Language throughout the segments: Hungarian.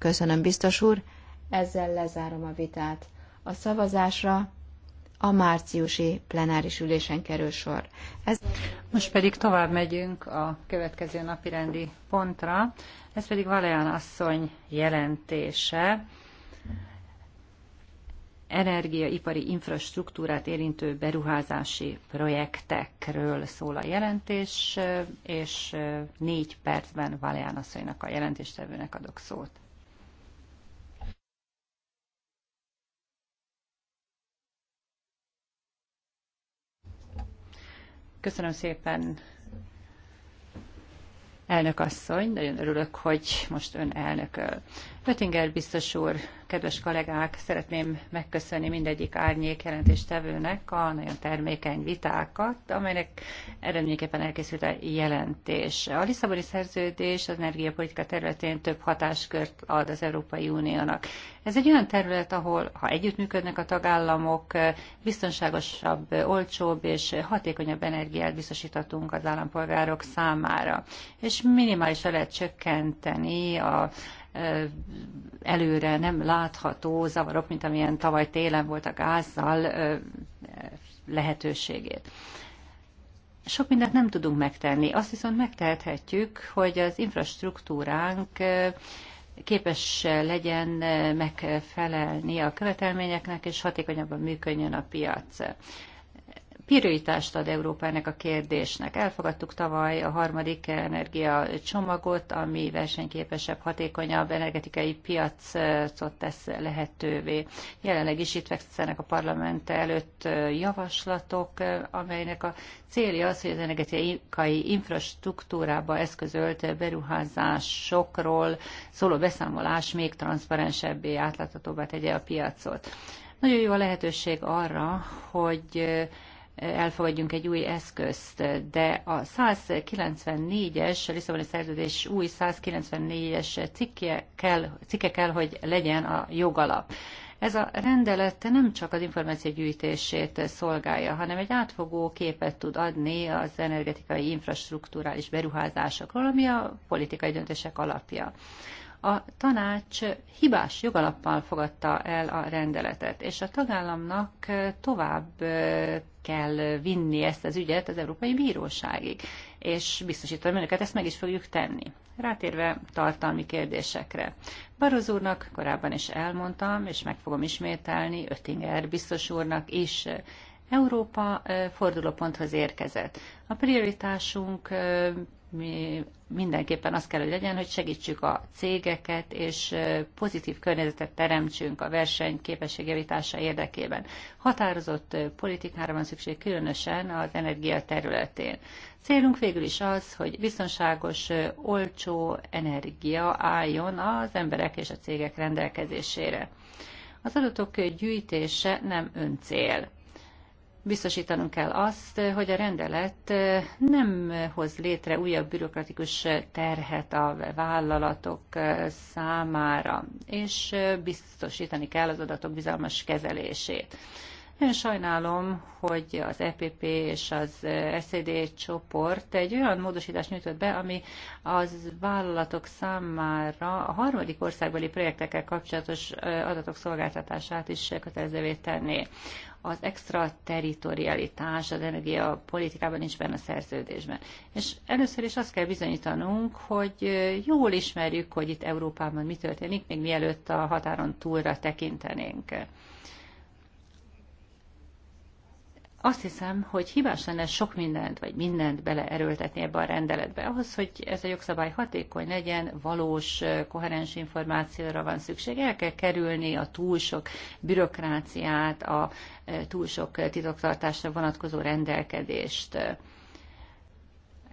Köszönöm, biztos úr. Ezzel lezárom a vitát. A szavazásra a márciusi plenáris ülésen kerül sor. Ez... Most pedig tovább megyünk a következő napi rendi pontra. Ez pedig Valéan asszony jelentése. Energiaipari infrastruktúrát érintő beruházási projektekről szól a jelentés, és négy percben Valéan asszonynak a jelentéstevőnek adok szót. Köszönöm szépen, elnök asszony, nagyon örülök, hogy most ön elnököl. Ötinger biztos úr, kedves kollégák, szeretném megköszönni mindegyik árnyék jelentéstevőnek a nagyon termékeny vitákat, amelynek eredményképpen elkészült a jelentés. A Lisszaboni szerződés az energiapolitika területén több hatáskört ad az Európai Uniónak. Ez egy olyan terület, ahol, ha együttműködnek a tagállamok, biztonságosabb, olcsóbb és hatékonyabb energiát biztosíthatunk az állampolgárok számára. És minimálisan lehet csökkenteni a előre nem látható zavarok, mint amilyen tavaly télen volt a gázzal lehetőségét. Sok mindent nem tudunk megtenni. Azt viszont megtehetjük, hogy az infrastruktúránk képes legyen megfelelni a követelményeknek, és hatékonyabban működjön a piac prioritást ad Európának a kérdésnek. Elfogadtuk tavaly a harmadik energia csomagot, ami versenyképesebb, hatékonyabb energetikai piacot tesz lehetővé. Jelenleg is itt fekszenek a parlament előtt javaslatok, amelynek a célja az, hogy az energetikai infrastruktúrába eszközölt beruházásokról szóló beszámolás még transzparensebbé, átláthatóbbá tegye a piacot. Nagyon jó a lehetőség arra, hogy elfogadjunk egy új eszközt, de a 194-es, a Lisszaboni szerződés új 194-es cikke kell, cikke kell, hogy legyen a jogalap. Ez a rendelet nem csak az információgyűjtését szolgálja, hanem egy átfogó képet tud adni az energetikai infrastruktúrális beruházásokról, ami a politikai döntések alapja a tanács hibás jogalappal fogadta el a rendeletet, és a tagállamnak tovább kell vinni ezt az ügyet az Európai Bíróságig, és biztosítom önöket, ezt meg is fogjuk tenni. Rátérve tartalmi kérdésekre. Baroz úrnak korábban is elmondtam, és meg fogom ismételni, Öttinger biztos úrnak is, Európa eh, fordulóponthoz érkezett. A prioritásunk eh, mi mindenképpen az kell, hogy legyen, hogy segítsük a cégeket, és pozitív környezetet teremtsünk a verseny képességjavítása érdekében. Határozott politikára van szükség különösen az energia területén. Célunk végül is az, hogy biztonságos, olcsó energia álljon az emberek és a cégek rendelkezésére. Az adatok gyűjtése nem öncél biztosítanunk kell azt, hogy a rendelet nem hoz létre újabb bürokratikus terhet a vállalatok számára, és biztosítani kell az adatok bizalmas kezelését. Én sajnálom, hogy az EPP és az SZD csoport egy olyan módosítást nyújtott be, ami az vállalatok számára a harmadik országbeli projektekkel kapcsolatos adatok szolgáltatását is kötelezővé tenné az extraterritorialitás az energia politikában nincs benne a szerződésben. És először is azt kell bizonyítanunk, hogy jól ismerjük, hogy itt Európában mi történik, még mielőtt a határon túlra tekintenénk. azt hiszem, hogy hibás lenne sok mindent, vagy mindent beleerőltetni ebbe a rendeletbe. Ahhoz, hogy ez a jogszabály hatékony legyen, valós, koherens információra van szükség. El kell kerülni a túl sok bürokráciát, a túl sok titoktartásra vonatkozó rendelkedést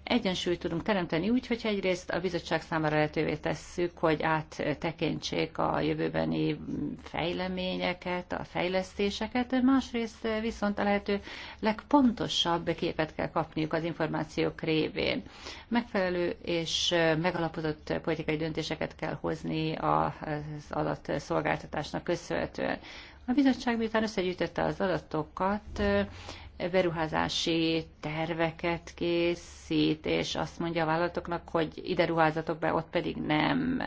Egyensúlyt tudunk teremteni úgy, hogyha egyrészt a bizottság számára lehetővé tesszük, hogy áttekintsék a jövőbeni fejleményeket, a fejlesztéseket, másrészt viszont a lehető legpontosabb képet kell kapniuk az információk révén. Megfelelő és megalapozott politikai döntéseket kell hozni az adatszolgáltatásnak köszönhetően. A bizottság miután összegyűjtötte az adatokat, beruházási terveket készít, és azt mondja a vállalatoknak, hogy ide ruházatok be, ott pedig nem.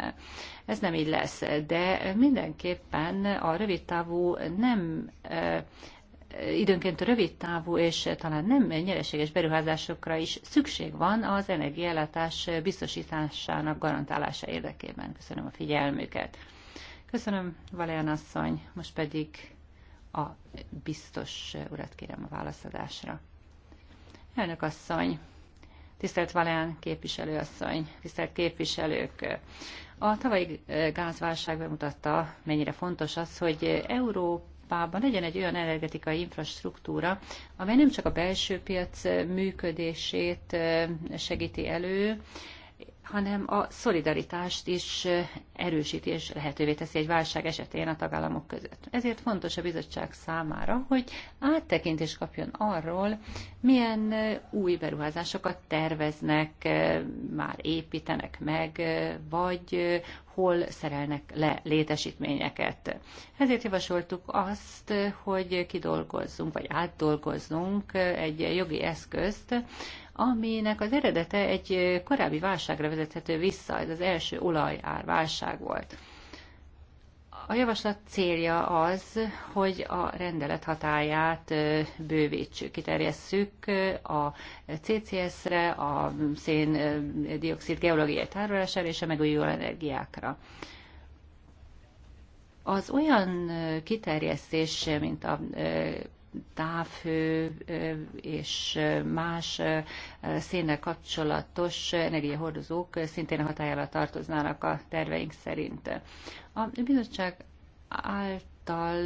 Ez nem így lesz, de mindenképpen a rövidtávú nem időnként rövidtávú és talán nem nyereséges beruházásokra is szükség van az energiállátás biztosításának garantálása érdekében. Köszönöm a figyelmüket. Köszönöm, Valéan asszony. Most pedig a biztos urat kérem a válaszadásra. Elnök asszony, tisztelt Valán asszony, tisztelt képviselők! A tavalyi gázválság bemutatta, mennyire fontos az, hogy Európa Európában legyen egy olyan energetikai infrastruktúra, amely nem csak a belső piac működését segíti elő, hanem a szolidaritást is erősíti és lehetővé teszi egy válság esetén a tagállamok között. Ezért fontos a bizottság számára, hogy áttekintést kapjon arról, milyen új beruházásokat terveznek, már építenek meg, vagy hol szerelnek le létesítményeket. Ezért javasoltuk azt, hogy kidolgozzunk, vagy átdolgozzunk egy jogi eszközt, aminek az eredete egy korábbi válságra vezethető vissza, ez az első olajár válság volt. A javaslat célja az, hogy a rendelet hatáját bővítsük, kiterjesszük a CCS-re, a széndiokszid geológiai tárolására és a megújuló energiákra. Az olyan kiterjesztés, mint a távhő és más szénnel kapcsolatos energiahordozók szintén a hatájára tartoznának a terveink szerint. A bizottság által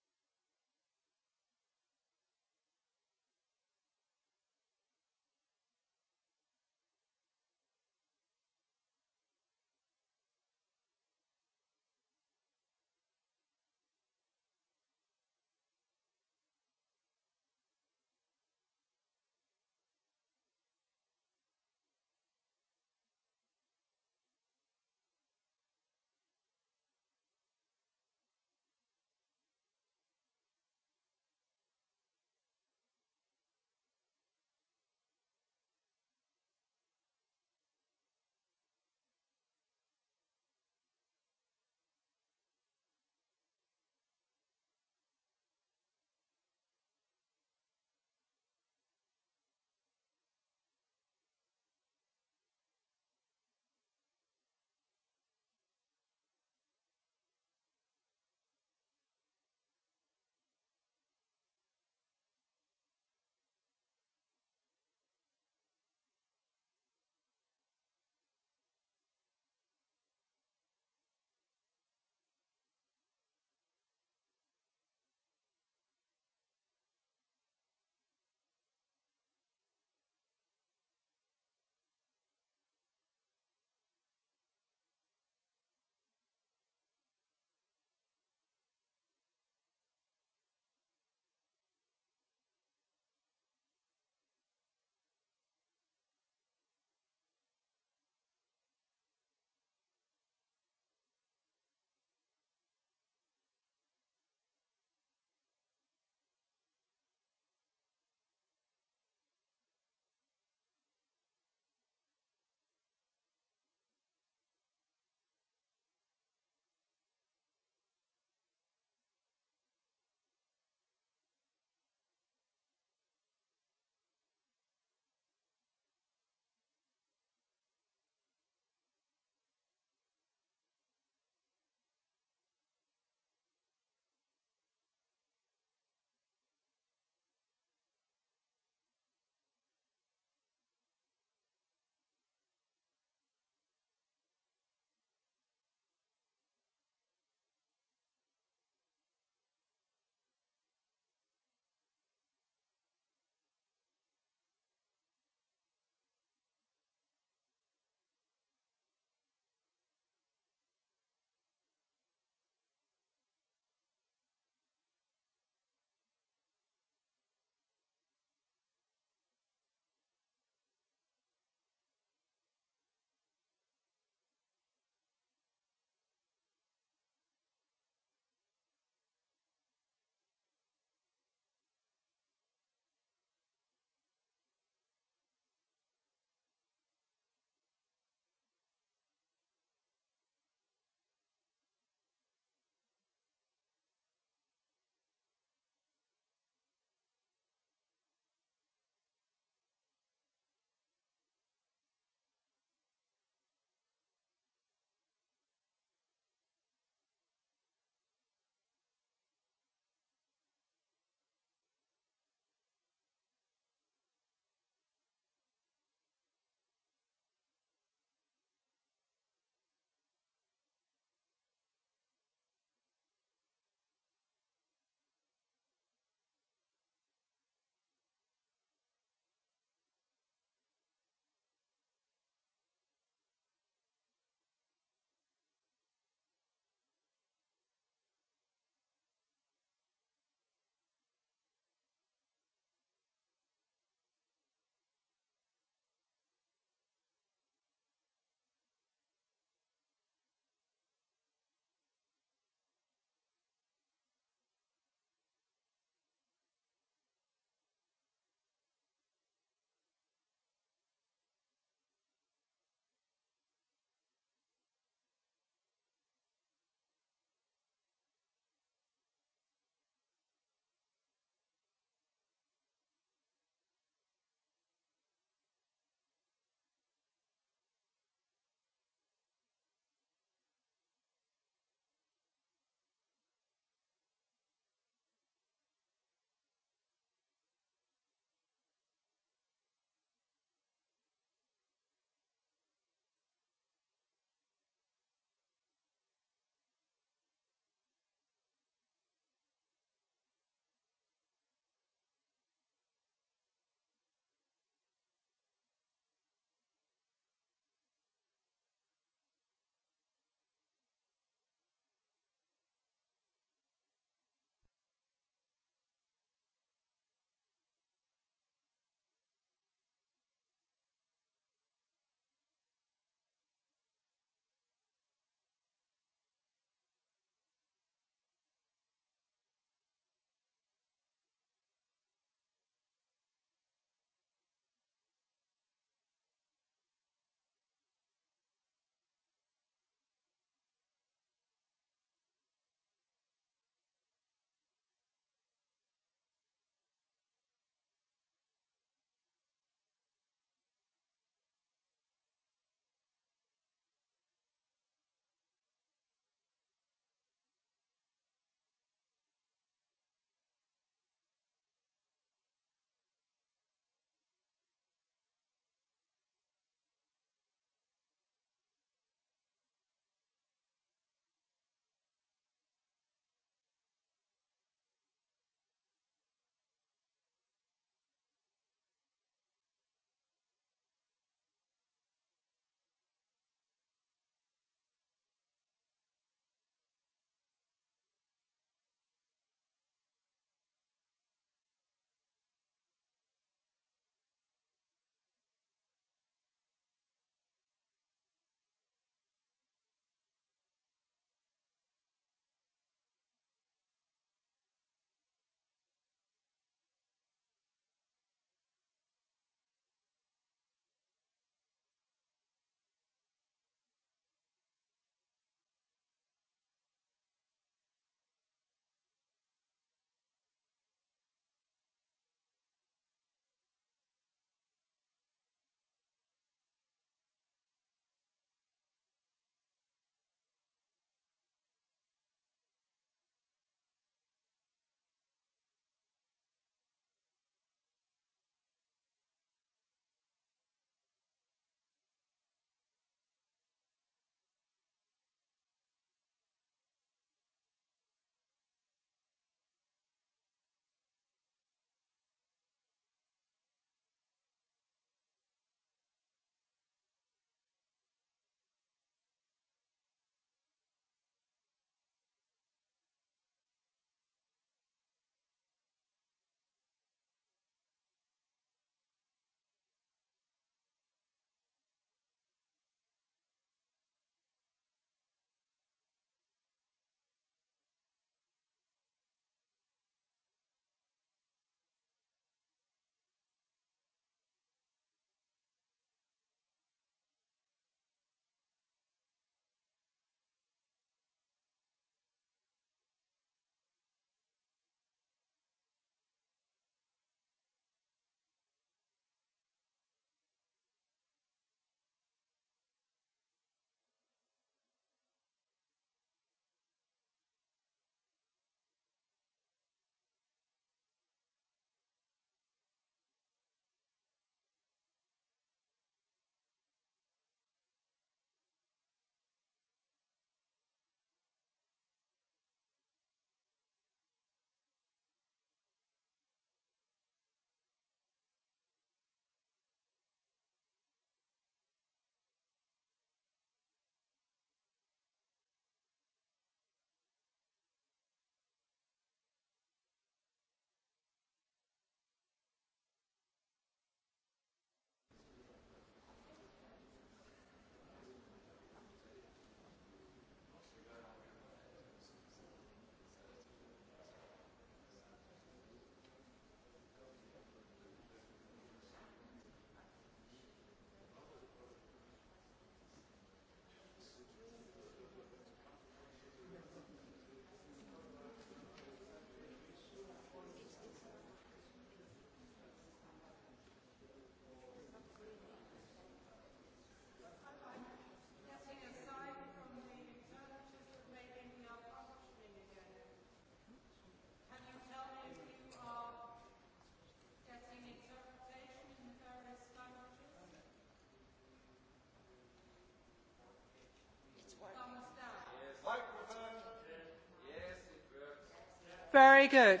Very good.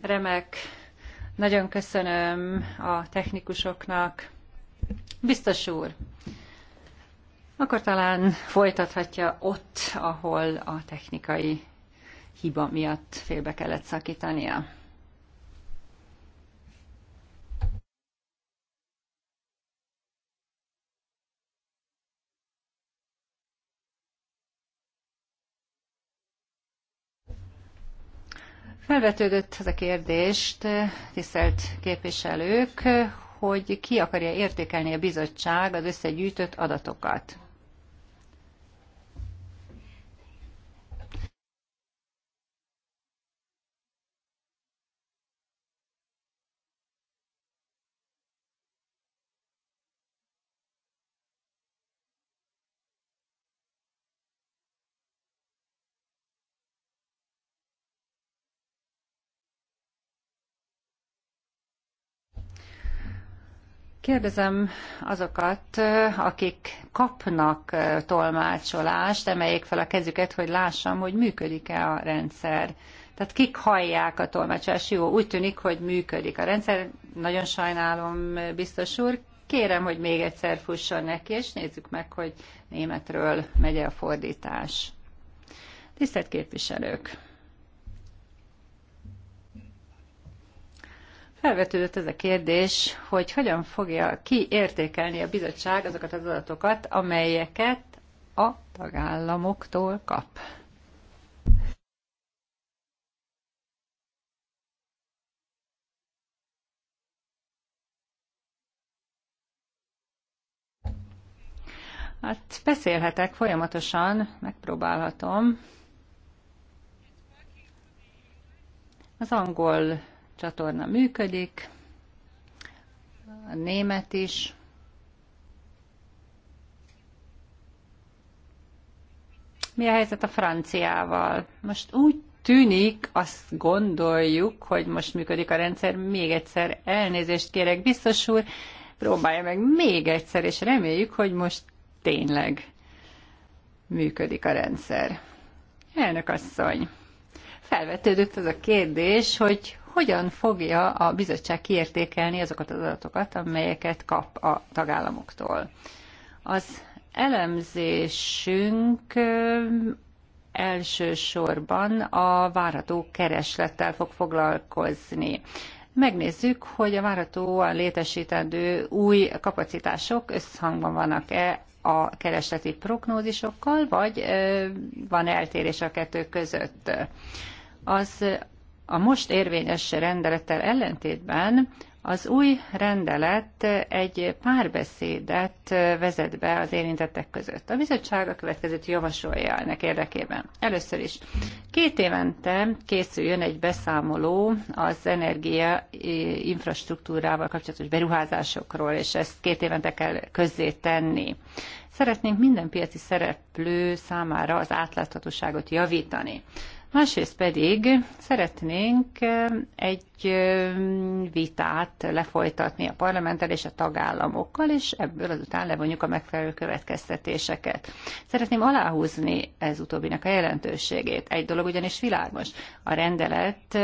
Remek. Nagyon köszönöm a technikusoknak. Biztos úr, akkor talán folytathatja ott, ahol a technikai hiba miatt félbe kellett szakítania. Felvetődött ez a kérdést, tisztelt képviselők, hogy ki akarja értékelni a bizottság az összegyűjtött adatokat. Kérdezem azokat, akik kapnak tolmácsolást, emeljék fel a kezüket, hogy lássam, hogy működik-e a rendszer. Tehát kik hallják a tolmácsolást? Jó, úgy tűnik, hogy működik a rendszer. Nagyon sajnálom, biztos úr. Kérem, hogy még egyszer fusson neki, és nézzük meg, hogy németről megy a fordítás. Tisztelt képviselők! Felvetődött ez a kérdés, hogy hogyan fogja kiértékelni a bizottság azokat az adatokat, amelyeket a tagállamoktól kap. Hát beszélhetek folyamatosan, megpróbálhatom. Az angol csatorna működik, a német is. Mi a helyzet a franciával? Most úgy tűnik, azt gondoljuk, hogy most működik a rendszer, még egyszer elnézést kérek, biztos úr, próbálja meg még egyszer, és reméljük, hogy most tényleg működik a rendszer. Elnök asszony, felvetődött az a kérdés, hogy hogyan fogja a bizottság kiértékelni azokat az adatokat, amelyeket kap a tagállamoktól. Az elemzésünk elsősorban a várható kereslettel fog foglalkozni. Megnézzük, hogy a várhatóan létesítendő új kapacitások összhangban vannak-e a keresleti prognózisokkal, vagy van eltérés a kettő között. Az a most érvényes rendelettel ellentétben az új rendelet egy párbeszédet vezet be az érintettek között. A bizottság a következőt javasolja ennek érdekében. Először is két évente készüljön egy beszámoló az energia infrastruktúrával kapcsolatos beruházásokról, és ezt két évente kell közzé tenni. Szeretnénk minden piaci szereplő számára az átláthatóságot javítani. Másrészt pedig szeretnénk egy vitát lefolytatni a parlamenttel és a tagállamokkal, és ebből azután levonjuk a megfelelő következtetéseket. Szeretném aláhúzni ez utóbbinak a jelentőségét. Egy dolog ugyanis világos. A rendelet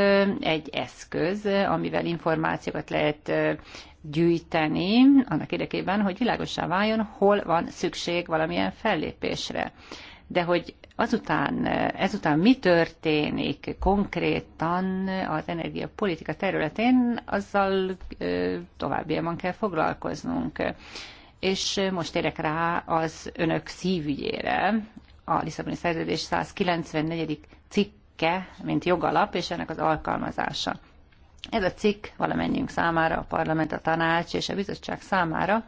egy eszköz, amivel információkat lehet gyűjteni, annak érdekében, hogy világosá váljon, hol van szükség valamilyen fellépésre. De hogy azután, ezután mi történik konkrétan az energiapolitika területén, azzal továbbiakban kell foglalkoznunk. És most érek rá az önök szívügyére, a Lisszaboni Szerződés 194. cikke, mint jogalap, és ennek az alkalmazása. Ez a cikk valamennyiünk számára, a parlament, a tanács és a bizottság számára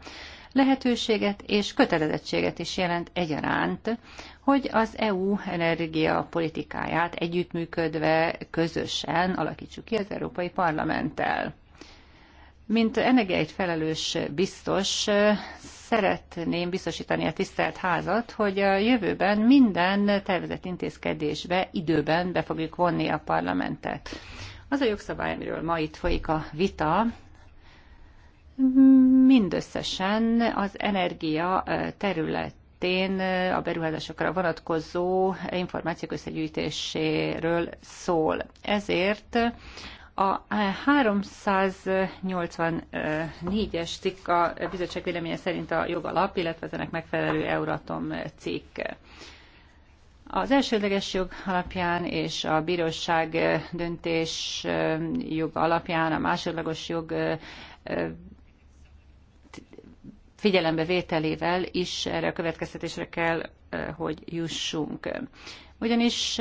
lehetőséget és kötelezettséget is jelent egyaránt, hogy az EU energiapolitikáját együttműködve közösen alakítsuk ki az Európai Parlamenttel. Mint energiáit felelős biztos, szeretném biztosítani a tisztelt házat, hogy a jövőben minden tervezett intézkedésbe időben be fogjuk vonni a parlamentet. Az a jogszabály, amiről ma itt folyik a vita, mindösszesen az energia terület területén a beruházásokra vonatkozó információk összegyűjtéséről szól. Ezért a 384-es cikk a bizottság véleménye szerint a jogalap, illetve ennek megfelelő Euratom cikk. Az elsődleges jog alapján és a bíróság döntés jog alapján a másodlagos jog vételével is erre a következtetésre kell, hogy jussunk. Ugyanis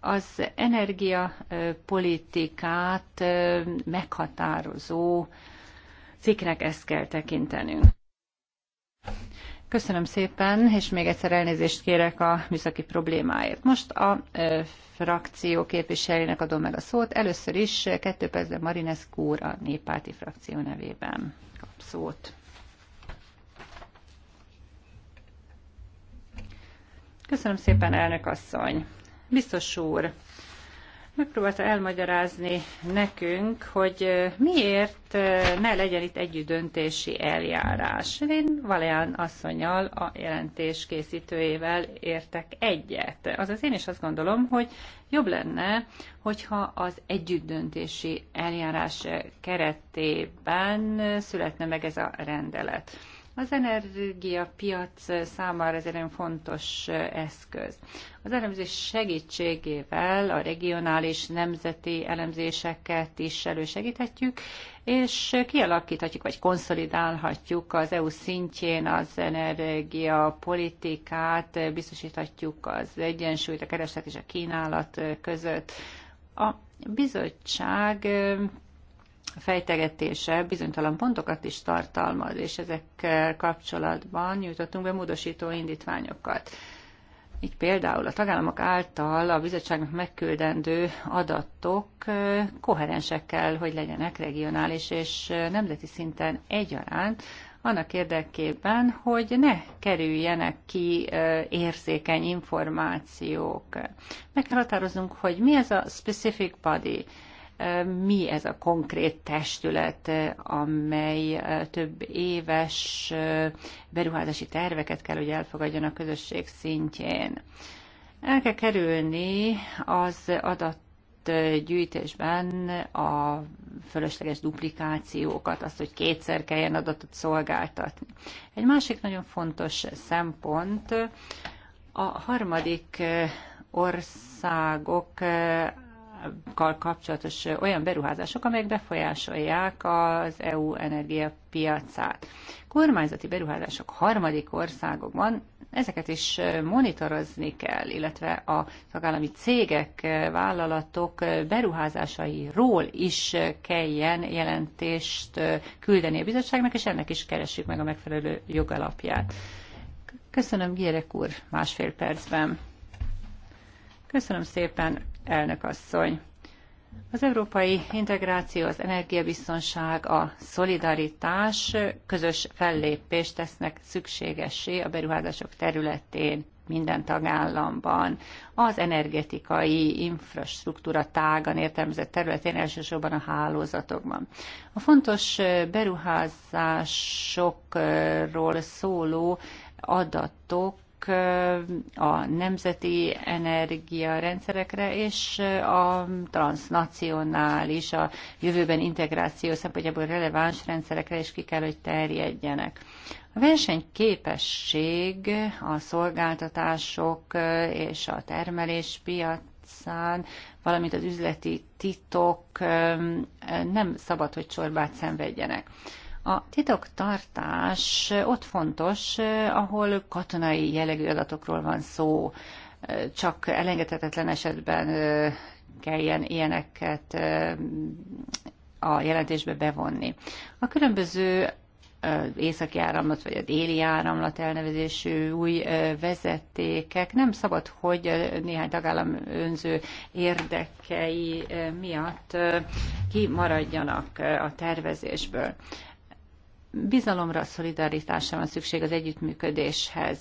az energiapolitikát meghatározó cikknek ezt kell tekintenünk. Köszönöm szépen, és még egyszer elnézést kérek a műszaki problémáért. Most a frakció képviselőjének adom meg a szót. Először is kettő percben Marinescu úr a néppárti frakció nevében kap szót. Köszönöm szépen, elnök asszony. Biztos úr, megpróbálta elmagyarázni nekünk, hogy miért ne legyen itt döntési eljárás. Én Valéán asszonyal, a jelentés készítőjével értek egyet. Azaz én is azt gondolom, hogy jobb lenne, hogyha az együttdöntési eljárás keretében születne meg ez a rendelet. Az energiapiac számára ez egy nagyon fontos eh, eszköz. Az elemzés segítségével a regionális, nemzeti elemzéseket is elősegíthetjük, és kialakíthatjuk vagy konszolidálhatjuk az EU szintjén az energiapolitikát, biztosíthatjuk az egyensúlyt a kereslet és a kínálat eh, között. A bizottság eh, fejtegetése bizonytalan pontokat is tartalmaz, és ezekkel kapcsolatban nyújtottunk be módosító indítványokat. Így például a tagállamok által a bizottságnak megküldendő adatok koherensek kell, hogy legyenek regionális és nemzeti szinten egyaránt, annak érdekében, hogy ne kerüljenek ki érzékeny információk. Meg kell határoznunk, hogy mi ez a specific body, mi ez a konkrét testület, amely több éves beruházási terveket kell, hogy elfogadjon a közösség szintjén. El kell kerülni az adat gyűjtésben a fölösleges duplikációkat, azt, hogy kétszer kelljen adatot szolgáltatni. Egy másik nagyon fontos szempont a harmadik országok energiával kapcsolatos olyan beruházások, amelyek befolyásolják az EU energiapiacát. Kormányzati beruházások harmadik országokban ezeket is monitorozni kell, illetve a tagállami cégek, vállalatok beruházásairól is kelljen jelentést küldeni a bizottságnak, és ennek is keressük meg a megfelelő jogalapját. Köszönöm, Gyerek úr, másfél percben. Köszönöm szépen, elnök asszony. Az európai integráció, az energiabiztonság, a szolidaritás közös fellépést tesznek szükségessé a beruházások területén minden tagállamban. Az energetikai infrastruktúra tágan értelmezett területén elsősorban a hálózatokban. A fontos beruházásokról szóló adatok a nemzeti energiarendszerekre és a transnacionális, a jövőben integráció szempontjából releváns rendszerekre is ki kell, hogy terjedjenek. A versenyképesség a szolgáltatások és a termelés piacán, valamint az üzleti titok nem szabad, hogy csorbát szenvedjenek. A titoktartás ott fontos, ahol katonai jellegű adatokról van szó, csak elengedhetetlen esetben kelljen ilyeneket a jelentésbe bevonni. A különböző északi áramlat vagy a déli áramlat elnevezésű új vezetékek nem szabad, hogy néhány tagállam önző érdekei miatt kimaradjanak a tervezésből bizalomra, szolidaritásra van szükség az együttműködéshez.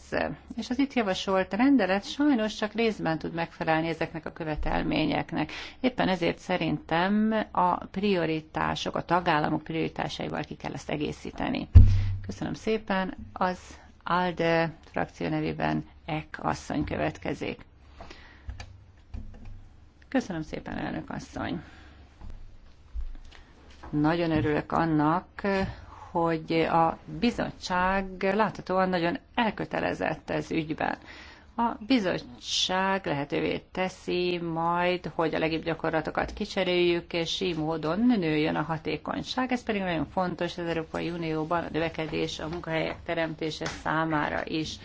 És az itt javasolt rendelet sajnos csak részben tud megfelelni ezeknek a követelményeknek. Éppen ezért szerintem a prioritások, a tagállamok prioritásaival ki kell ezt egészíteni. Köszönöm szépen. Az ALDE frakció nevében Ek asszony következik. Köszönöm szépen, elnök asszony. Nagyon örülök annak, hogy a bizottság láthatóan nagyon elkötelezett ez ügyben. A bizottság lehetővé teszi majd, hogy a legjobb gyakorlatokat kicseréljük, és így módon nőjön a hatékonyság. Ez pedig nagyon fontos az Európai Unióban a növekedés, a munkahelyek teremtése számára is.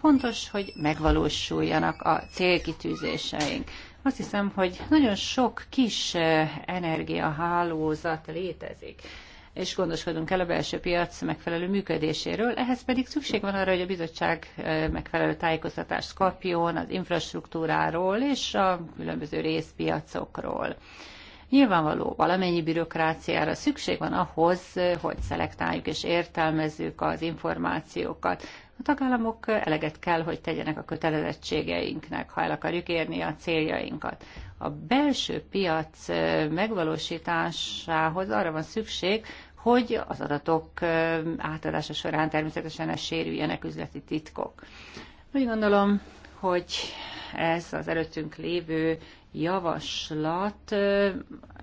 Fontos, hogy megvalósuljanak a célkitűzéseink. Azt hiszem, hogy nagyon sok kis eh, energiahálózat létezik és gondoskodunk kell a belső piac megfelelő működéséről. Ehhez pedig szükség van arra, hogy a bizottság megfelelő tájékoztatást kapjon az infrastruktúráról és a különböző részpiacokról. Nyilvánvaló valamennyi bürokráciára szükség van ahhoz, hogy szelektáljuk és értelmezzük az információkat. A tagállamok eleget kell, hogy tegyenek a kötelezettségeinknek, ha el akarjuk érni a céljainkat. A belső piac megvalósításához arra van szükség, hogy az adatok átadása során természetesen ne sérüljenek üzleti titkok. Úgy gondolom, hogy ez az előttünk lévő javaslat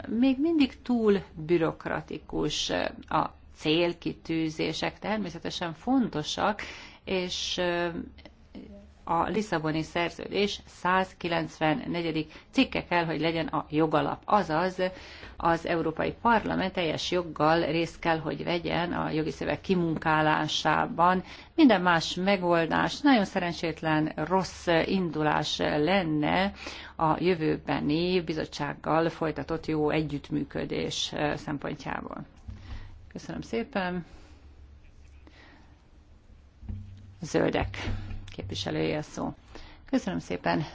még mindig túl bürokratikus. A célkitűzések természetesen fontosak, és a Lisszaboni szerződés 194. cikke kell, hogy legyen a jogalap. Azaz az Európai Parlament teljes joggal részt kell, hogy vegyen a jogi szöveg kimunkálásában. Minden más megoldás nagyon szerencsétlen rossz indulás lenne a jövőbeni bizottsággal folytatott jó együttműködés szempontjából. Köszönöm szépen. Zöldek képviselője szó. Köszönöm szépen,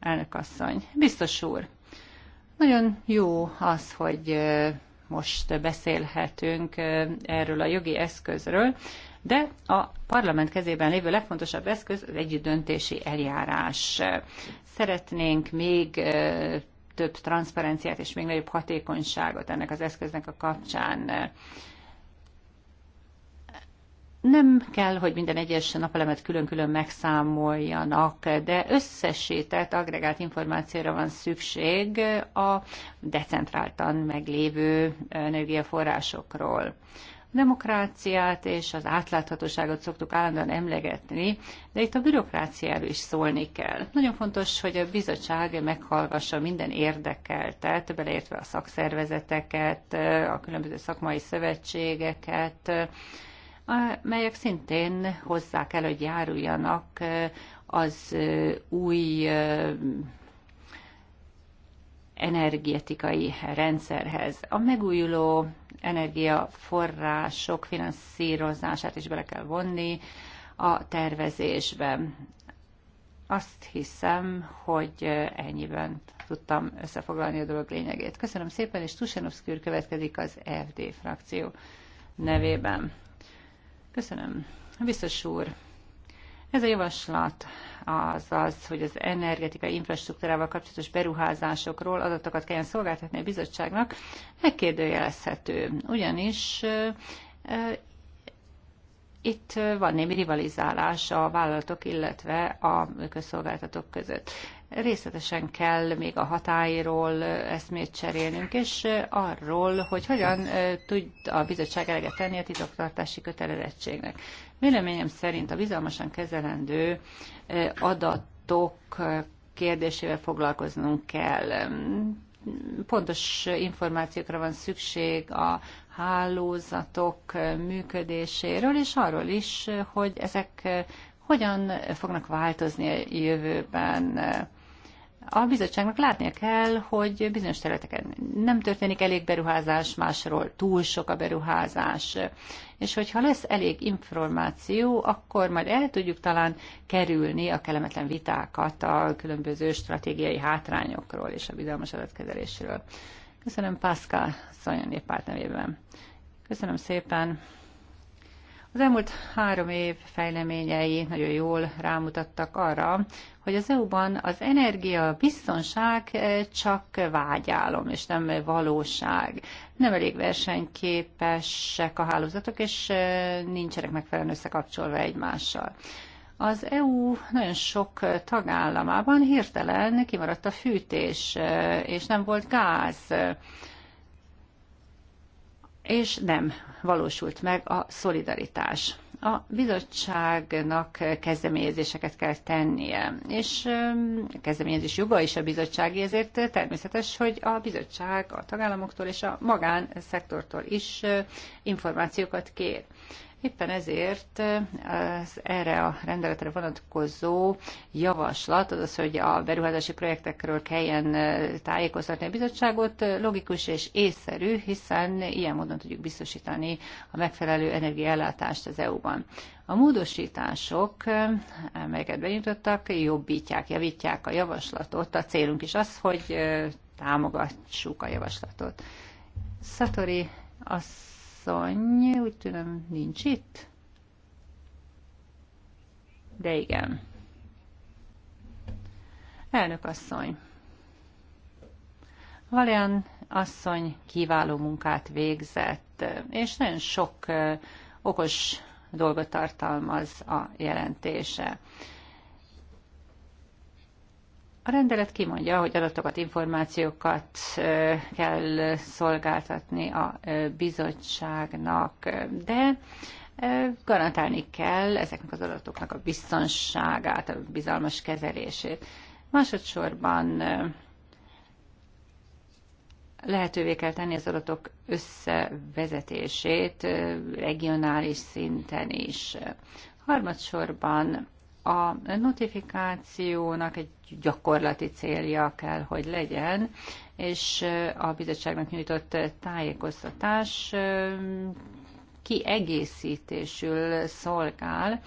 elnök asszony. Biztos úr, nagyon jó az, hogy most beszélhetünk erről a jogi eszközről, de a parlament kezében lévő legfontosabb eszköz az együttdöntési eljárás. Szeretnénk még több transzparenciát és még nagyobb hatékonyságot ennek az eszköznek a kapcsán nem kell, hogy minden egyes napelemet külön-külön megszámoljanak, de összesített agregált információra van szükség a decentráltan meglévő energiaforrásokról. A demokráciát és az átláthatóságot szoktuk állandóan emlegetni, de itt a bürokráciáról is szólni kell. Nagyon fontos, hogy a bizottság meghallgassa minden érdekeltet, beleértve a szakszervezeteket, a különböző szakmai szövetségeket, melyek szintén hozzá kell, hogy járuljanak az új energetikai rendszerhez. A megújuló energiaforrások finanszírozását is bele kell vonni a tervezésbe. Azt hiszem, hogy ennyiben tudtam összefoglalni a dolog lényegét. Köszönöm szépen, és Tusenovszki következik az FD frakció nevében. Köszönöm. Biztos úr, ez a javaslat az az, hogy az energetikai infrastruktúrával kapcsolatos beruházásokról adatokat kelljen szolgáltatni a bizottságnak, megkérdőjelezhető. Ugyanis e, e, itt van némi rivalizálás a vállalatok, illetve a közszolgáltatók között részletesen kell még a hatáiról eszmét cserélnünk, és arról, hogy hogyan tud a bizottság eleget tenni a titoktartási kötelezettségnek. Véleményem szerint a bizalmasan kezelendő adatok kérdésével foglalkoznunk kell. Pontos információkra van szükség a hálózatok működéséről, és arról is, hogy ezek hogyan fognak változni a jövőben a bizottságnak látnia kell, hogy bizonyos területeken nem történik elég beruházás, másról túl sok a beruházás. És hogyha lesz elég információ, akkor majd el tudjuk talán kerülni a kellemetlen vitákat a különböző stratégiai hátrányokról és a bizalmas adatkezelésről. Köszönöm Pászka Szanyoné párt nevében. Köszönöm szépen. Az elmúlt három év fejleményei nagyon jól rámutattak arra, hogy az EU-ban az energia biztonság eh, csak vágyálom, és nem valóság. Nem elég versenyképesek a hálózatok, és eh, nincsenek megfelelően összekapcsolva egymással. Az EU nagyon sok tagállamában hirtelen kimaradt a fűtés, eh, és nem volt gáz és nem valósult meg a szolidaritás. A bizottságnak kezdeményezéseket kell tennie, és a kezdeményezés joga is a bizottsági, ezért természetes, hogy a bizottság a tagállamoktól és a magánszektortól is információkat kér. Éppen ezért eh, az erre a rendeletre vonatkozó javaslat, az, hogy a beruházási projektekről kelljen eh, tájékoztatni a bizottságot, eh, logikus és észszerű, hiszen ilyen módon tudjuk biztosítani a megfelelő energiaellátást az EU-ban. A módosítások, amelyeket benyújtottak, jobbítják, javítják a javaslatot. A célunk is az, hogy támogassuk a javaslatot. Szatori azt asszony, úgy tűnöm, nincs itt. De igen. Elnök asszony. valian asszony kiváló munkát végzett, és nagyon sok okos dolgot tartalmaz a jelentése. A rendelet kimondja, hogy adatokat, információkat kell szolgáltatni a bizottságnak, de garantálni kell ezeknek az adatoknak a biztonságát, a bizalmas kezelését. Másodszorban lehetővé kell tenni az adatok összevezetését regionális szinten is. Harmadsorban a notifikációnak egy gyakorlati célja kell, hogy legyen, és a bizottságnak nyújtott tájékoztatás kiegészítésül szolgál,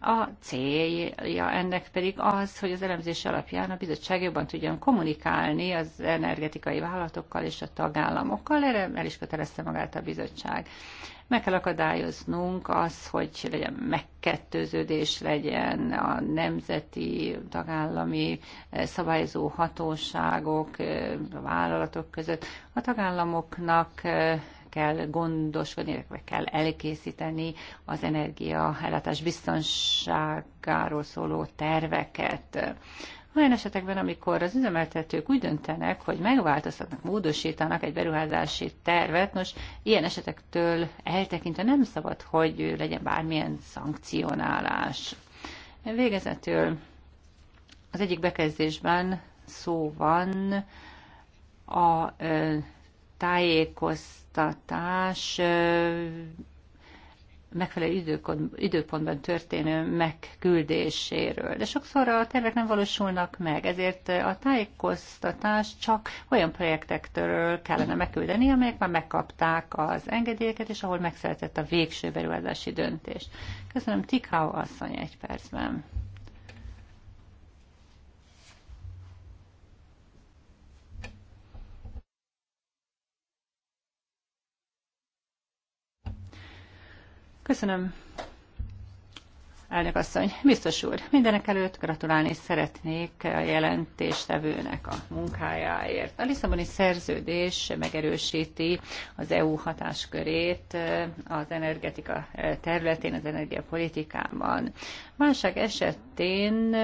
a célja ennek pedig az, hogy az elemzés alapján a bizottság jobban tudjon kommunikálni az energetikai vállalatokkal és a tagállamokkal. Erre el is kötelezte magát a bizottság. Meg kell akadályoznunk az, hogy legyen megkettőződés legyen a nemzeti, tagállami eh, szabályozó hatóságok, eh, a vállalatok között. A tagállamoknak eh, kell gondoskodni, vagy kell elkészíteni az energiaellátás biztonságáról szóló terveket. Olyan esetekben, amikor az üzemeltetők úgy döntenek, hogy megváltoztatnak, módosítanak egy beruházási tervet, nos, ilyen esetektől eltekintve nem szabad, hogy legyen bármilyen szankcionálás. Végezetül az egyik bekezdésben szó van a tájékoztatás megfelelő időkon, időpontban történő megküldéséről. De sokszor a tervek nem valósulnak meg, ezért a tájékoztatás csak olyan projektektől kellene megküldeni, amelyek már megkapták az engedélyeket, és ahol megszületett a végső beruházási döntés. Köszönöm, Tikau asszony egy percben. Köszönöm. Elnök asszony, biztos úr, mindenek előtt gratulálni szeretnék a jelentéstevőnek a munkájáért. A Lisszaboni szerződés megerősíti az EU hatáskörét az energetika területén, az energiapolitikában. Válság esetén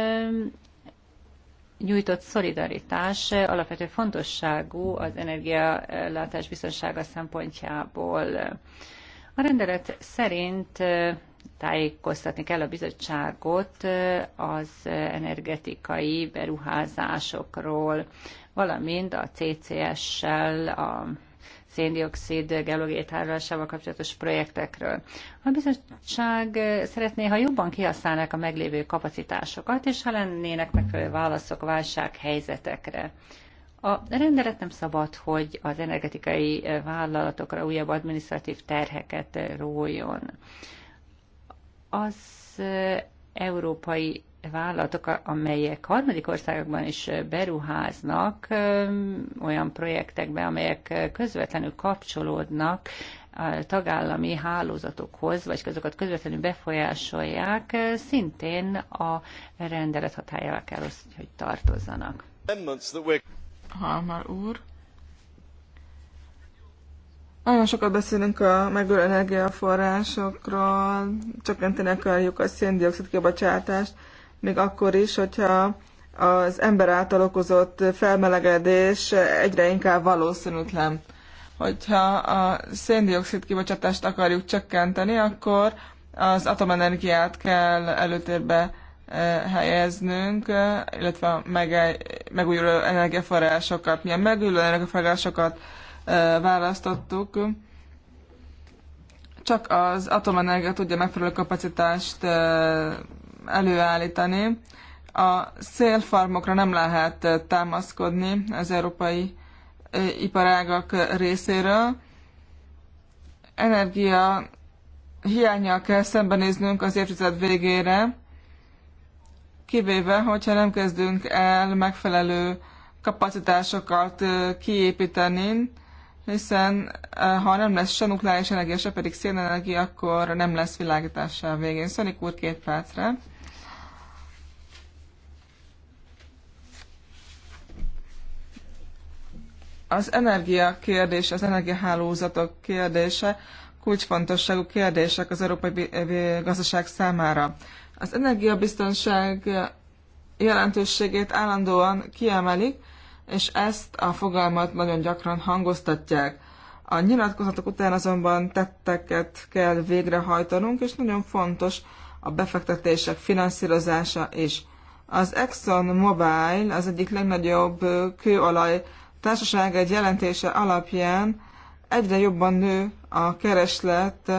nyújtott szolidaritás alapvető fontosságú az energialátás biztonsága szempontjából a rendelet szerint tájékoztatni kell a bizottságot az energetikai beruházásokról, valamint a CCS-sel, a széndiokszid geológiai tárolásával kapcsolatos projektekről. A bizottság szeretné, ha jobban kihasználnák a meglévő kapacitásokat, és ha lennének megfelelő válaszok válsághelyzetekre. helyzetekre. A rendelet nem szabad, hogy az energetikai eh, vállalatokra újabb adminisztratív terheket eh, rójon. Az eh, európai vállalatok, amelyek harmadik országokban is beruháznak olyan projektekbe, amelyek közvetlenül kapcsolódnak tagállami hálózatokhoz, vagy azokat közvetlenül befolyásolják, szintén a rendelet hatájára kell, hogy tartozzanak Halmar úr. Nagyon sokat beszélünk a megőr energiaforrásokról, csökkenteni akarjuk a széndiokszid kibocsátást, még akkor is, hogyha az ember által okozott felmelegedés egyre inkább valószínűtlen. Hogyha a széndiokszid kibocsátást akarjuk csökkenteni, akkor az atomenergiát kell előtérbe helyeznünk, illetve a megújuló energiaforrásokat. Mi a megújuló energiaforrásokat választottuk, csak az atomenergia tudja megfelelő kapacitást előállítani. A szélfarmokra nem lehet támaszkodni az európai iparágak részéről. Energia hiányjal kell szembenéznünk az évtized végére, kivéve, hogyha nem kezdünk el megfelelő kapacitásokat kiépíteni, hiszen ha nem lesz se nukleáris energia, se pedig szénenergia, akkor nem lesz világítása a végén. Szonik úr, két percre. Az energia kérdése, az energiahálózatok kérdése kulcsfontosságú kérdések az európai gazdaság számára. Az energiabiztonság jelentőségét állandóan kiemelik, és ezt a fogalmat nagyon gyakran hangoztatják. A nyilatkozatok után azonban tetteket kell végrehajtanunk, és nagyon fontos a befektetések finanszírozása is. Az Exxon Mobil az egyik legnagyobb kőolaj társaság egy jelentése alapján egyre jobban nő a kereslet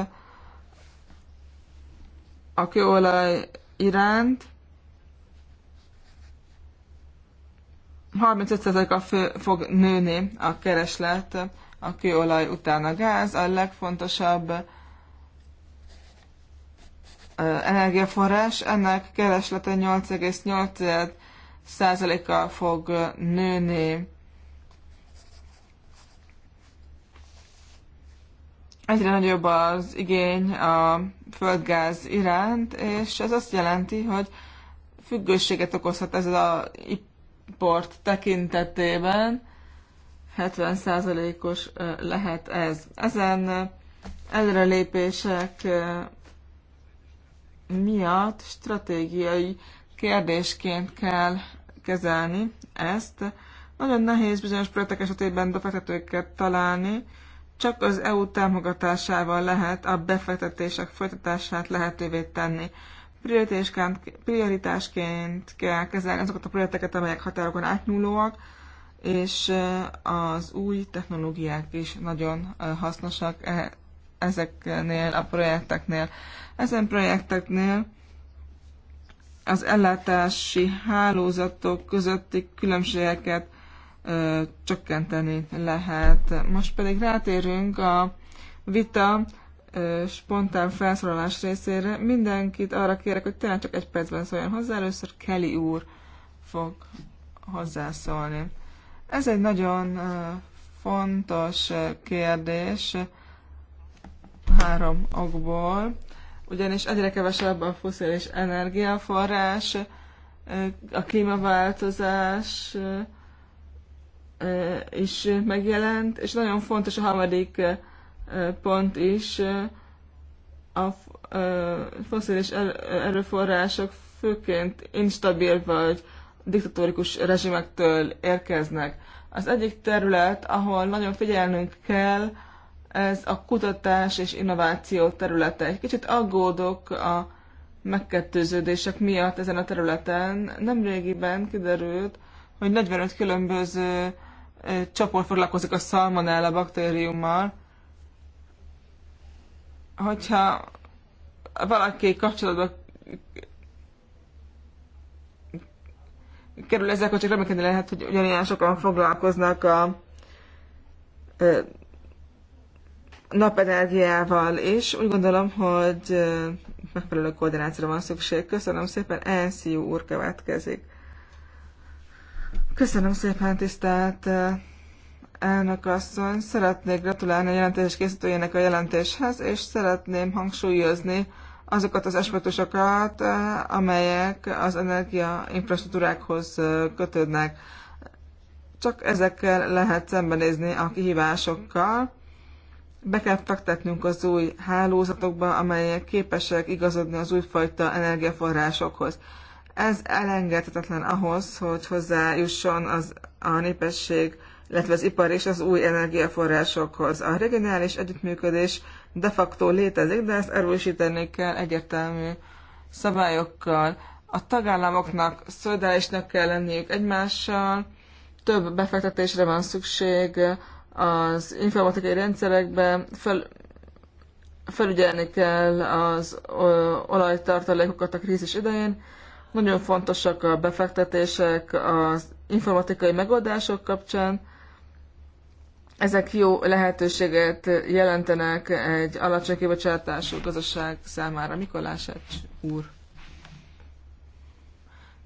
a kőolaj iránt. 35%-a fog nőni a kereslet a kőolaj után a gáz. A legfontosabb energiaforrás, ennek kereslete 88 a fog nőni egyre nagyobb az igény a földgáz iránt, és ez azt jelenti, hogy függőséget okozhat ez a port tekintetében, 70%-os lehet ez. Ezen előrelépések miatt stratégiai kérdésként kell kezelni ezt. Nagyon nehéz bizonyos projektek esetében befektetőket találni, csak az EU támogatásával lehet a befektetések folytatását lehetővé tenni. Prioritásként kell kezelni azokat a projekteket, amelyek határokon átnyúlóak, és az új technológiák is nagyon hasznosak e- ezeknél a projekteknél. Ezen projekteknél az ellátási hálózatok közötti különbségeket csökkenteni lehet. Most pedig rátérünk a vita spontán felszólalás részére. Mindenkit arra kérek, hogy tényleg csak egy percben szóljon hozzá. Először Kelly úr fog hozzászólni. Ez egy nagyon fontos kérdés három okból, ugyanis egyre kevesebb a foszilis energiaforrás, a klímaváltozás, is megjelent, és nagyon fontos a harmadik pont is, a foszilis er, erőforrások főként instabil vagy diktatórikus rezsimektől érkeznek. Az egyik terület, ahol nagyon figyelnünk kell, ez a kutatás és innováció területe. Egy kicsit aggódok a megkettőződések miatt ezen a területen. Nemrégiben kiderült, hogy 45 különböző csoport foglalkozik a szalmonella baktériummal, hogyha valaki kapcsolatba kerül ezek, akkor csak remekedni lehet, hogy ugyanilyen sokan foglalkoznak a napenergiával is. Úgy gondolom, hogy megfelelő koordinációra van szükség. Köszönöm szépen, NCU úr következik. Köszönöm szépen, tisztelt elnök asszony. Szeretnék gratulálni a jelentés készítőjének a jelentéshez, és szeretném hangsúlyozni azokat az aspektusokat, amelyek az energiainfrastruktúrákhoz kötődnek. Csak ezekkel lehet szembenézni a kihívásokkal. Be kell fektetnünk az új hálózatokba, amelyek képesek igazodni az újfajta energiaforrásokhoz ez elengedhetetlen ahhoz, hogy hozzájusson az, a népesség, illetve az ipar és az új energiaforrásokhoz. A regionális együttműködés de facto létezik, de ezt erősíteni kell egyértelmű szabályokkal. A tagállamoknak szolidárisnak kell lenniük egymással, több befektetésre van szükség az informatikai rendszerekbe, fel, felügyelni kell az olajtartalékokat a krízis idején, nagyon fontosak a befektetések az informatikai megoldások kapcsán. Ezek jó lehetőséget jelentenek egy alacsony kibocsátású gazdaság számára. Mikolásács úr.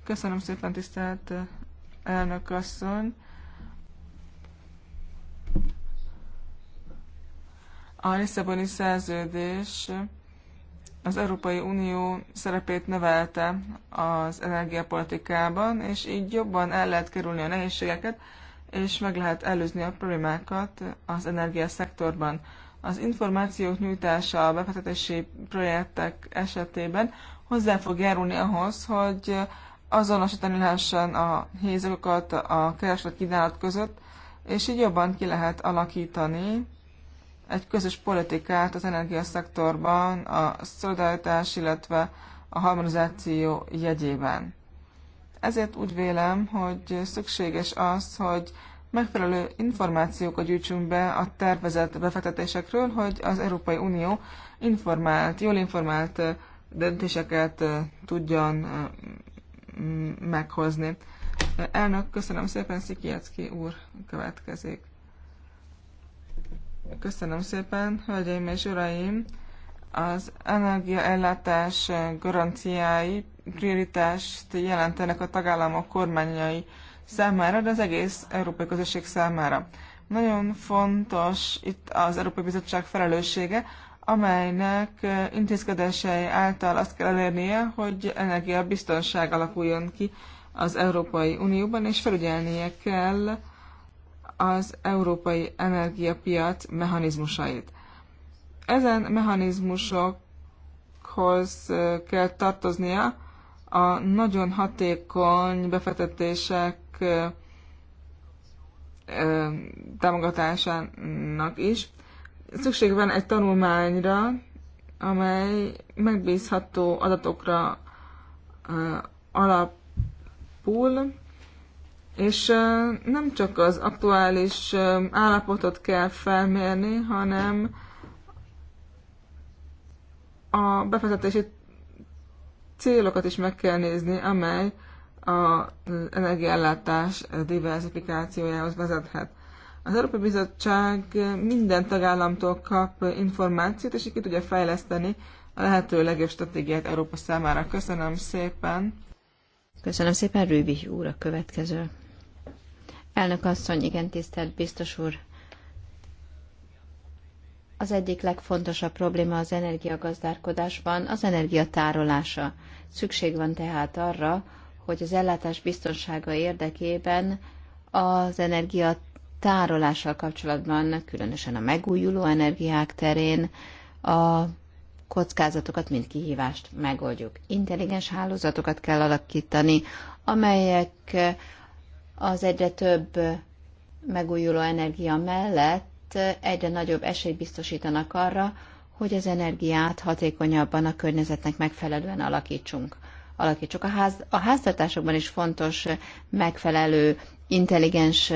Köszönöm szépen, tisztelt eh, elnök asszony. A Lisszaboni szerződés az Európai Unió szerepét növelte az energiapolitikában, és így jobban el lehet kerülni a nehézségeket, és meg lehet előzni a problémákat az energiaszektorban. Az információk nyújtása a befektetési projektek esetében hozzá fog járulni ahhoz, hogy azonosítani lehessen a hézagokat a kereslet kínálat között, és így jobban ki lehet alakítani egy közös politikát az energiaszektorban a szolidaritás, illetve a harmonizáció jegyében. Ezért úgy vélem, hogy szükséges az, hogy megfelelő információkat gyűjtsünk be a tervezett befektetésekről, hogy az Európai Unió informált, jól informált döntéseket tudjon meghozni. Elnök, köszönöm szépen, Szikiecki úr következik. Köszönöm szépen, hölgyeim és uraim! Az energiaellátás garanciái prioritást jelentenek a tagállamok kormányai számára, de az egész európai közösség számára. Nagyon fontos itt az Európai Bizottság felelőssége, amelynek intézkedései által azt kell elérnie, hogy energiabiztonság alakuljon ki az Európai Unióban, és felügyelnie kell az európai energiapiac mechanizmusait. Ezen mechanizmusokhoz kell tartoznia a nagyon hatékony befektetések támogatásának is. Szükség van egy tanulmányra, amely megbízható adatokra alapul, és nem csak az aktuális állapotot kell felmérni, hanem a befektetési célokat is meg kell nézni, amely az energiállátás diversifikációjához vezethet. Az Európai Bizottság minden tagállamtól kap információt, és így ki tudja fejleszteni a lehető legjobb stratégiát Európa számára. Köszönöm szépen! Köszönöm szépen, Rübi úr, a következő. Elnök asszony, igen, tisztelt biztos úr. Az egyik legfontosabb probléma az energiagazdálkodásban az energia tárolása. Szükség van tehát arra, hogy az ellátás biztonsága érdekében az energia tárolással kapcsolatban, különösen a megújuló energiák terén a kockázatokat, mint kihívást megoldjuk. Intelligens hálózatokat kell alakítani, amelyek az egyre több megújuló energia mellett egyre nagyobb esélyt biztosítanak arra, hogy az energiát hatékonyabban a környezetnek megfelelően alakítsunk. alakítsuk. A, ház, a háztartásokban is fontos megfelelő, intelligens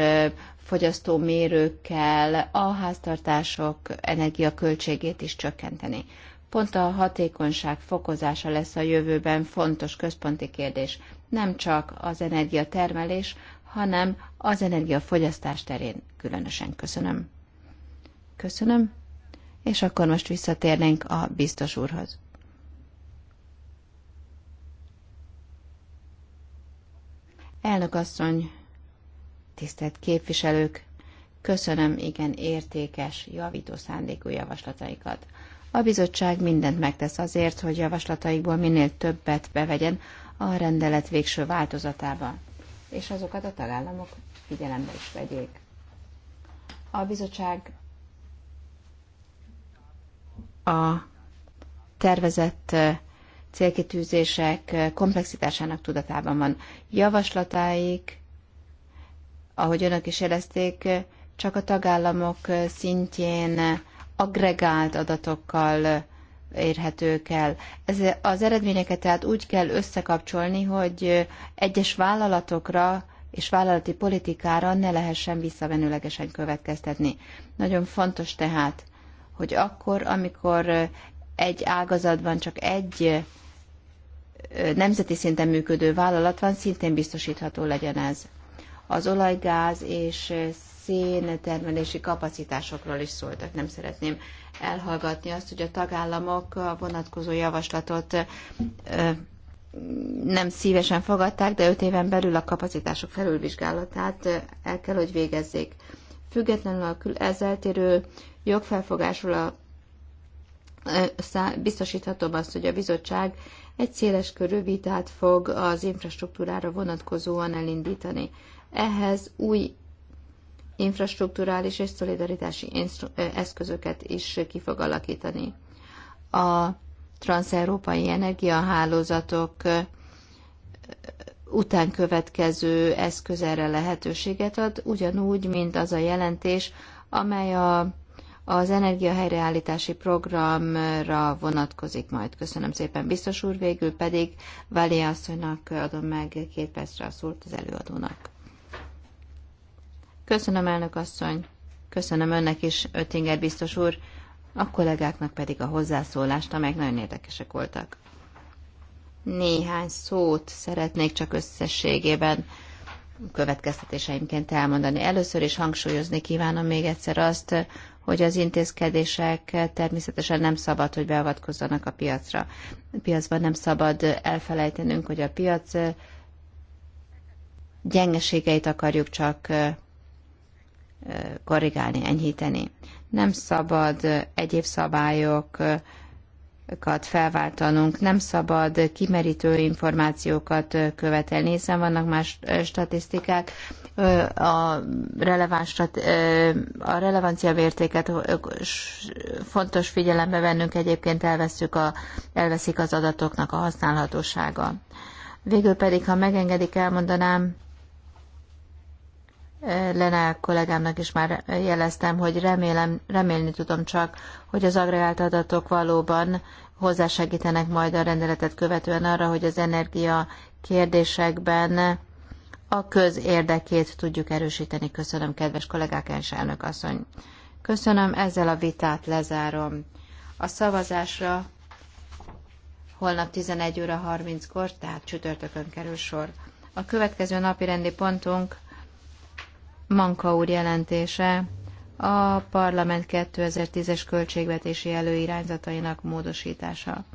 fogyasztómérőkkel a háztartások energiaköltségét is csökkenteni. Pont a hatékonyság fokozása lesz a jövőben fontos központi kérdés. Nem csak az energiatermelés, hanem az energiafogyasztás terén különösen köszönöm. Köszönöm, és akkor most visszatérnénk a biztos úrhoz. Elnök asszony, tisztelt képviselők, köszönöm igen értékes, javító szándékú javaslataikat. A bizottság mindent megtesz azért, hogy javaslataikból minél többet bevegyen a rendelet végső változatába és azokat a tagállamok figyelembe is vegyék. A bizottság a tervezett célkitűzések komplexitásának tudatában van. Javaslatáik, ahogy önök is jelezték, csak a tagállamok szintjén agregált adatokkal érhetők el. Ez, az eredményeket tehát úgy kell összekapcsolni, hogy egyes vállalatokra és vállalati politikára ne lehessen visszavenőlegesen következtetni. Nagyon fontos tehát, hogy akkor, amikor egy ágazatban csak egy nemzeti szinten működő vállalat van, szintén biztosítható legyen ez. Az olajgáz és szén termelési kapacitásokról is szóltak, nem szeretném elhallgatni azt, hogy a tagállamok a vonatkozó javaslatot nem szívesen fogadták, de öt éven belül a kapacitások felülvizsgálatát el kell, hogy végezzék. Függetlenül a ezzel eltérő jogfelfogásról a, biztosíthatom azt, hogy a bizottság egy széles körű vitát fog az infrastruktúrára vonatkozóan elindítani. Ehhez új infrastruktúrális és szolidaritási eszközöket is ki fog alakítani. A transzeurópai energiahálózatok után következő eszköz erre lehetőséget ad, ugyanúgy, mint az a jelentés, amely a, az energiahelyreállítási programra vonatkozik majd. Köszönöm szépen, biztos úr, végül pedig Váli asszonynak adom meg két percre a szót az előadónak. Köszönöm, elnök asszony. Köszönöm önnek is, Öttinger biztos úr, a kollégáknak pedig a hozzászólást, amelyek nagyon érdekesek voltak. Néhány szót szeretnék csak összességében következtetéseimként elmondani. Először is hangsúlyozni kívánom még egyszer azt, hogy az intézkedések természetesen nem szabad, hogy beavatkozzanak a piacra. A piacban nem szabad elfelejtenünk, hogy a piac gyengeségeit akarjuk csak korrigálni, enyhíteni. Nem szabad egyéb szabályokat felváltanunk, nem szabad kimerítő információkat követelni, hiszen vannak más statisztikák, a, releváns, a relevancia mértéket fontos figyelembe vennünk, egyébként elveszük a, elveszik az adatoknak a használhatósága. Végül pedig, ha megengedik, elmondanám, Lena kollégámnak is már jeleztem, hogy remélem, remélni tudom csak, hogy az agregált adatok valóban hozzásegítenek majd a rendeletet követően arra, hogy az energia kérdésekben a közérdekét tudjuk erősíteni. Köszönöm, kedves kollégák, és elnök asszony. Köszönöm, ezzel a vitát lezárom. A szavazásra holnap 11 óra 30-kor, tehát csütörtökön kerül sor. A következő napi rendi pontunk Manka úr jelentése a parlament 2010-es költségvetési előirányzatainak módosítása.